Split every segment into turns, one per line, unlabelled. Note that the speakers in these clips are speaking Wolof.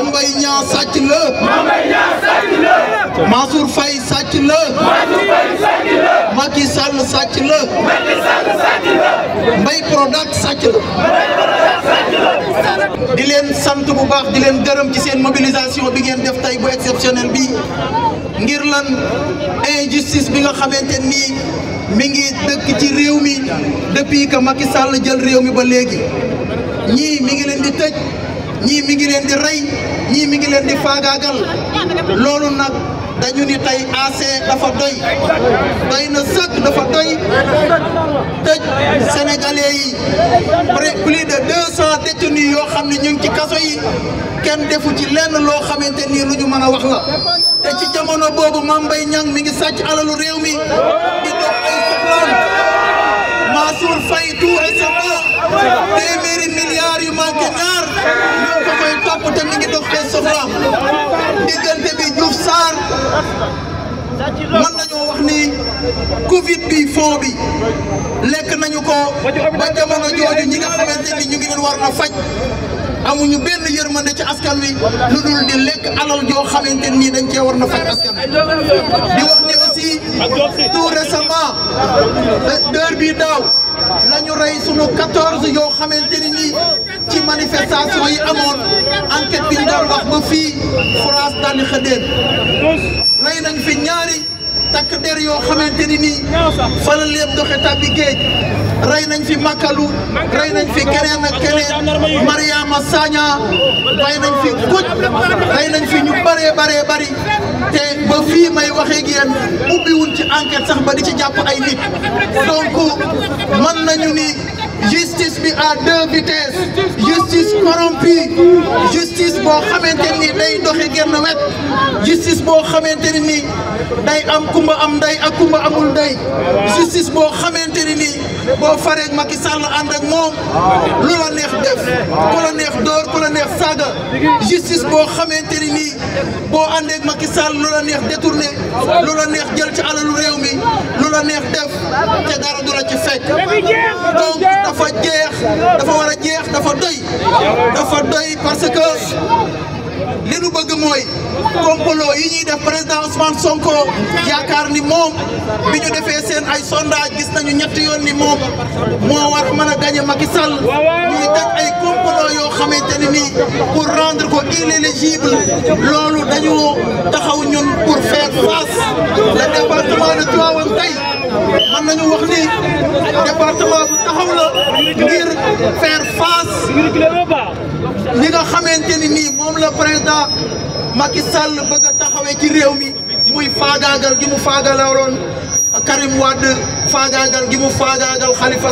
Mambay Niang sàcc la. Mambay Niang sàcc la. Mansour Faye sàcc la. Mansour Faye sàcc la. Macky Sall sàcc la. Macky Sall sàcc la. Mbaye Prodac sàcc la. Mbaye Prodac sàcc la. di leen sant bu baax di leen gërëm ci seen mobilisation bi ngeen def tey bu exceptionnel ngir lan injustice bi nga xamante ni mi ngi dëkk ci réew mi depuis que Macky Sall jël réew mi ba léegi ñii mi ngi leen di tëj. ñii mi ngi leen di rey ñii mi ngi leen di faagaagal loolu nag dañu ni tey AC dafa doy doy na sëkk dafa doy tëj sénégalais yi plus de deux cent détenus yoo xam ne ñu ngi ci kaso yi kenn defu ci lenn loo xamante ni lu ñu mën a wax la te ci jamono boobu Mame Mbaye Niang mi ngi sàcc alalu réew mi di dox ay soxlaam Mansour Faye téeméeri milliards yu manqué ñaar ñoo ko koy topp te mi ngi dox ay soxlaam diggante bi Diouf Sarr mën wax ni Covid bi fond lekk nañu ko ba jamono jooju ñi nga xamante ni ñu ngi leen war a faj amuñu benn yërmande ci askan wi lu dul di lekk alal joo xamante nii dañ cee war na faj askan wi di wax ne aussi tout récemment heure bii daaw. la ñu rey sunu 14 yoo xamante ni nii ci manifestation yi amoon enquête bi ñu doon wax ba fii France daal di xëddeen rey nañ fi ñaari. takk der yoo xamante ni nii fa la lépp doxe tàbbi géej rey nañ fi Makalu rey nañ fi keneen ak keneen Mariama Sagna rey nañ fi kuc rey nañ fi ñu bëree bëree bëri te ba fii may waxee ak yéen ubbiwuñ ci enquête sax ba di ci jàpp ay nit donc mën nañu ni justice bi à deux vitesses justice corrompue justice boo xamante ni day doxe genn wet justice boo xamante ni day am kumba am ndey ak kumba amul ndey justice boo xamante ni nii boo fareeg Macky Sall ànd ak moom lu la neex def ku la neex door ku la neex saaga justice boo xamante ni nii boo àndeeg ma Sall lu la neex détourné lu la neex jël ci alalu réew mi lu la neex def te dara du la ci fekk donc dafa jeex dafa war a jeex dafa doy dafa doy li nu bëgg mooy complot yi ñuy def président Ousmane Sonko yaakaar ni moom bi ñu defee seen ay sondage gis nañu ñetti yoon ni moom moo war a mën a gagné Macky Sall ñuy teg ay complot yoo xamante ne nii pour rendre ko inéligible loolu dañu taxaw ñun pour faire face le département de Tivaouane tey mën nañu wax ni département bu taxaw la ngir faire face li nga xamante ni nii moom la président Macky Sall bëgg a taxawee ci réew mi muy faagaagal gi mu faagaloon Karim Wade faagaagal gi mu faagaagal Khalifa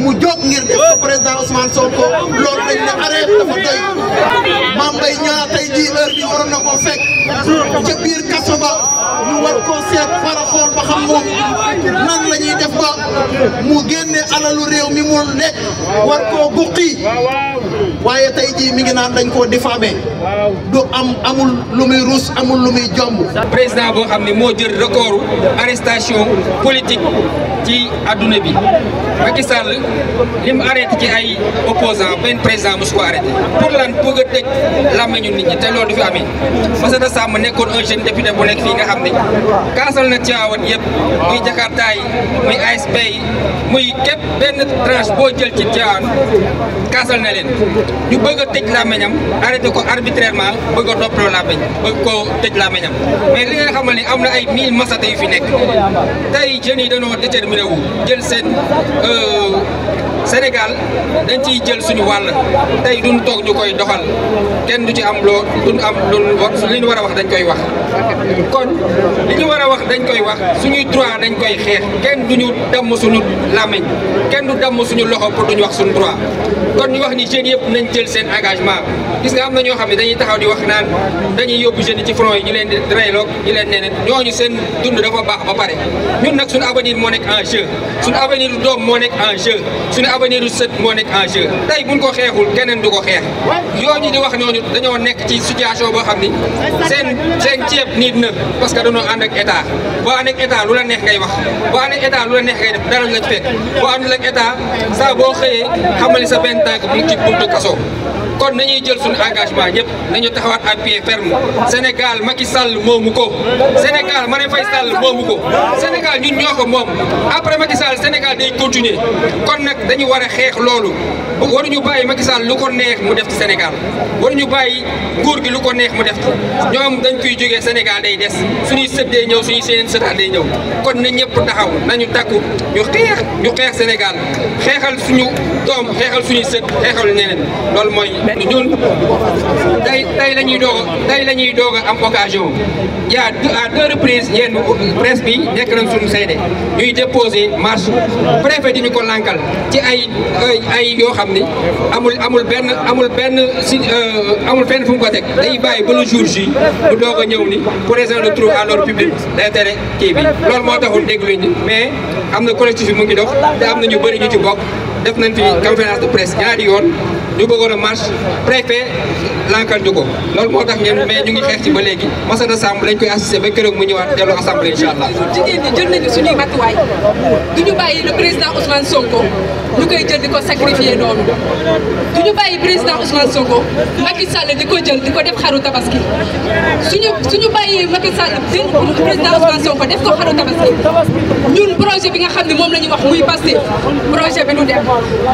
mu jóg ngir def ko président Ousmane Sonko loolu lañ ne arrêté dafa doy Mame Mbaye Niang tey jii heure bi waroon na koo fekk kaso ba ñu war koo seet xam moom nan la ñuy def ba mu génne alalu réew mi mu ne war koo guqi waaye tey jii mi ngi naan dañ koo diffamé
du am amul lu muy ruus amul lu muy jomb président boo xam ni moo jël recordu arrestation politique ci adduna bi Macky Sall li mu ci ay opposant benn président mosu ko arrêté pour lan bëgg a tëj nit ñi te lool du fi amee Massata Samb nekkoon un jeune député bu nekk fii nga xam ne kaasal na Tivaouane yëpp muy Jakarta muy ASP yi muy képp benn tranche boo jël ci Tivaouane kaasal na leen ñu bëgg a tëj làmmiñam arrêté ko arbitrairement bëgg a dopploo làmmiñ bëgg koo tëj làmmiñam mais li nga xamal ni am na ay mille masata yu fi nekk tey jën yi dañoo déterminé wu jël seen euh, Sénégal dañ ciy jël suñu wàll tey duñ toog ñu koy doxal kenn du ci am loo duñ am duñ li ñu war a wax dañ koy wax kon li ñu war a wax dañ koy wax suñuy droit dañ koy xeex kenn du ñu damm suñu làmmiñ kenn du damm suñu loxo pour duñu wax suñu droit kon ñu wax ni jeunes yëpp nañ jël seen engagement gis nga am na ñoo xam ne dañuy taxaw di wax naan dañuy yóbbu jeunes yi ci front yi ñu leen di reyloog ñu leen nee ñooñu seen dund dafa baax ba pare ñun nag suñu avenir moo nekk en jeu suñu avenir u doom moo nekk en suñu avenir u moo nekk en tey buñ ko xeexul keneen du ko xeex yooñu di wax ñooñu dañoo nekk ci situation boo xam ni seen seen ceeb niit na parce que dañoo ànd ak état boo ànd ak lu la neex ngay wax boo ànd ak état lu la neex ngay def dara la ci fekk boo àndul ak état saa boo xëyee xamali sa benn tànk mu ngi ci kon nañuy jël suñu engagement ñëpp nañu taxawaat à pied ferme Sénégal Macky Sall moomu ko Sénégal Marème Faye sàll moomu ko Sénégal ñun ñoo ko moom après Macky Sall Sénégal day continuer kon nag dañu war a xeex loolu waruñu bàyyi Macky sàll lu ko neex mu def ci Sénégal waruñu bàyyi nguur gi lu ko neex mu def ci ñoom dañ koy jógee Sénégal day des suñuy sët day ñëw suñuy seen sëtaat day ñëw kon na ñëpp taxaw nañu takku ñu xeex ñu xeex Sénégal xeexal suñu doom xeexal suñuy sët xeexal loolu mooy mais ñun tey day la ñuy doog tey la ñuy doog am occasion y a à deux reprises yéen presse bi nekk nañ suñu seede ñuy déposer marche préfet di ñu ko lankal ci ay ay yoo xam ni amul amul benn amul benn si euh, amul fenn fu ko teg day bàyyi ba le jour J bu doog a ñëw ni présent de trouble à l'ordre public d'intérêt kii bi loolu moo taxul dégluñ mais am na collectif bi mu ngi dox te am na ñu bëri ñu ci bokk def nañ fi conférence de presse ñaari yoon ñu bëggoon a marche préfet ko loolu moo tax ñun mais ñu ngi xeex ci ba léegi masa na sàmm koy assisté ba keroog mu ñëwaat dellu assemblée incha allah. jigéen ñi jël nañu suñuy
matuwaay du ñu bàyyi le président Ousmane Sonko. ñu koy jël di ko sacrifier noonu du ñu bàyyi président Ousmane Sonko Macky Sall di ko jël di ko def xaru tabaski suñu suñu bàyyi Macky Sall jël président Ousmane Sonko def ko xaru tabaski ñun projet bi nga xam ne moom la ñu wax muy passé projet bi du dem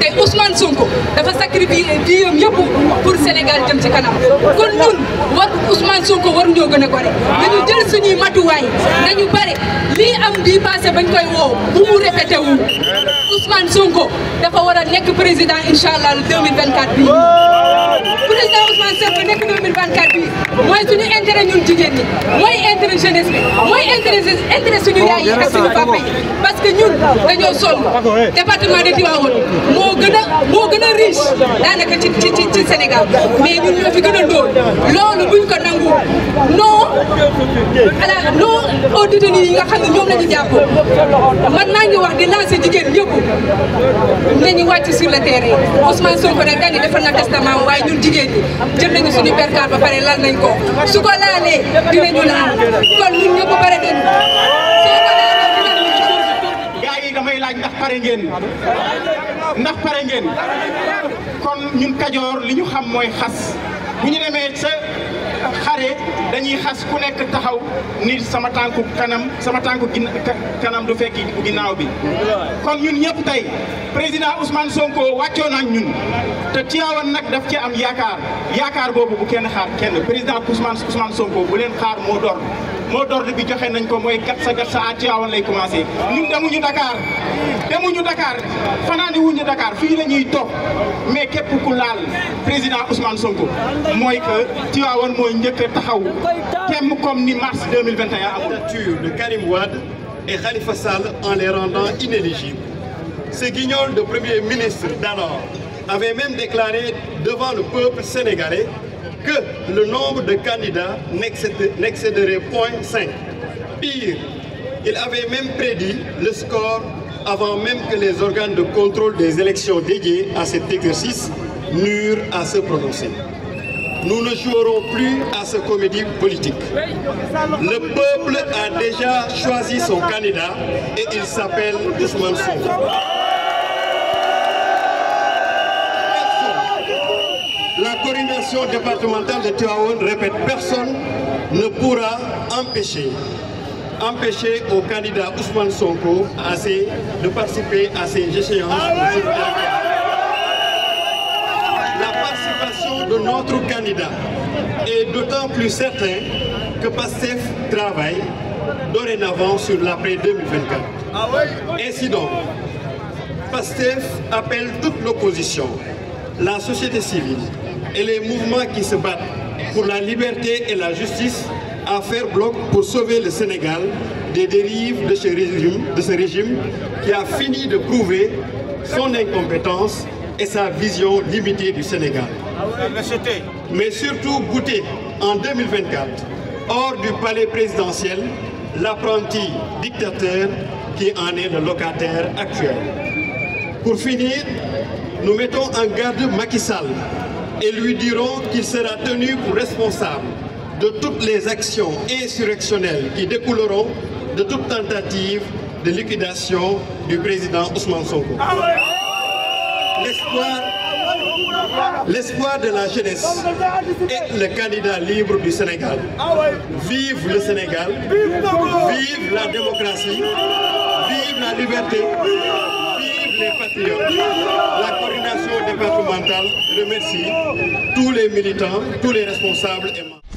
te Ousmane Sonko dafa sacrifier diyam yëpp pour Sénégal jëm ci kanam kon ñun war Ousmane Sonko war ñoo gën a gore dañu jël suñuy waay nañu bëri lii am bii passé bañ koy woo bu mu répété Sonko dafa war a nekk président incha allah le 2024 bii président Ousmane Sonko nekk 2024 bii mooy suñu intérêt ñun jigéen ñi mooy intérêt jeunesse bi mooy parce que ñun dañoo sonn département de Tivaouane moo gën a moo gën a riche daanaka ci ci ci Sénégal mais ñun ñoo fi gën a ndóol loolu buñ ko nangu non non aux détenus nga xam ne ñoom la ñu jàpp man maa ngi wax di lancer jigéen ñëpp ñu wàcc sur le terrain Ousmane Sonko nag dañu defal na testament waaye ñun jigéen ñi jël nañu suñu percar ba pare lal nañ ko su ko laalee dinañu laal kon ñun ñëpp pare
damay laaj ndax pare ndax pare kon ñun Kajoor li ñu xam mooy xas. bu ñu demee sa xare dañuy xas ku nekk taxaw ni sama tànku kanam sama tànku gin kanam du fekki bu ginnaaw bi kon ñun ñëpp tey président Ousmane Sonko wàccoo nañ ñun te Tivaouane nag daf ci am yaakaar yaakaar boobu bu kenn xaar kenn président Ousmane Ousmane Sonko bu leen xaar moo dor mot d'ordre bi joxe nañ ko mooy gatsa gatsa à Tivaouane lay commencé ñun demuñu Dakar demuñu dakaar fanaani wuñu Dakar fii la ñuy toog mais képp ku laal président Ousmane Sonko mooy
que Tivaouane mooy njëkk taxaw temm comme ni mars 2021 amul. de Karim Wade et Khalifa Sall en les rendant inéligibles. Ce guignol de premier ministre d'alors avait même déclaré devant le peuple sénégalais que le nombre de candidats n'excéderait point 5. Pire, il avait même prédit le score avant même que les organes de contrôle des élections dédiées à cet exercice n'eurent à se prononcer. Nous ne jouerons plus à ce comédie politique. Le peuple a déjà choisi son candidat et il s'appelle Ousmane Sonko. commission départementale de Tivaouane répète, personne ne pourra empêcher, empêcher au candidat Ousmane Sonko à ces, de participer à ces échéances. Ah la participation de notre candidat est d'autant plus certaine que PASTEF travaille dorénavant sur l'après ah Ainsi donc, PASTEF appelle toute l'opposition, la société civile, et les mouvements qui se pour la liberté et la justice à faire bloc pour sauver le des dérives de ce régime, de ce régime et sa vision limitée du Sénégal. Mais surtout en 2024, hors du palais présidentiel, l'apprenti dictateur qui en est le locataire actuel. Pour finir, nous en garde Macky et lui diront qu'il sera tenu pour responsable de toutes les actions insurrectionnelles qui découleront de toute tentative de liquidation du président Ousmane Sonko.
L'espoir de la jeunesse
est le candidat libre du Sénégal. Vive le Sénégal, vive la démocratie, vive la liberté. les patriotes, la coordination départementale remercie tous les militants, tous les responsables et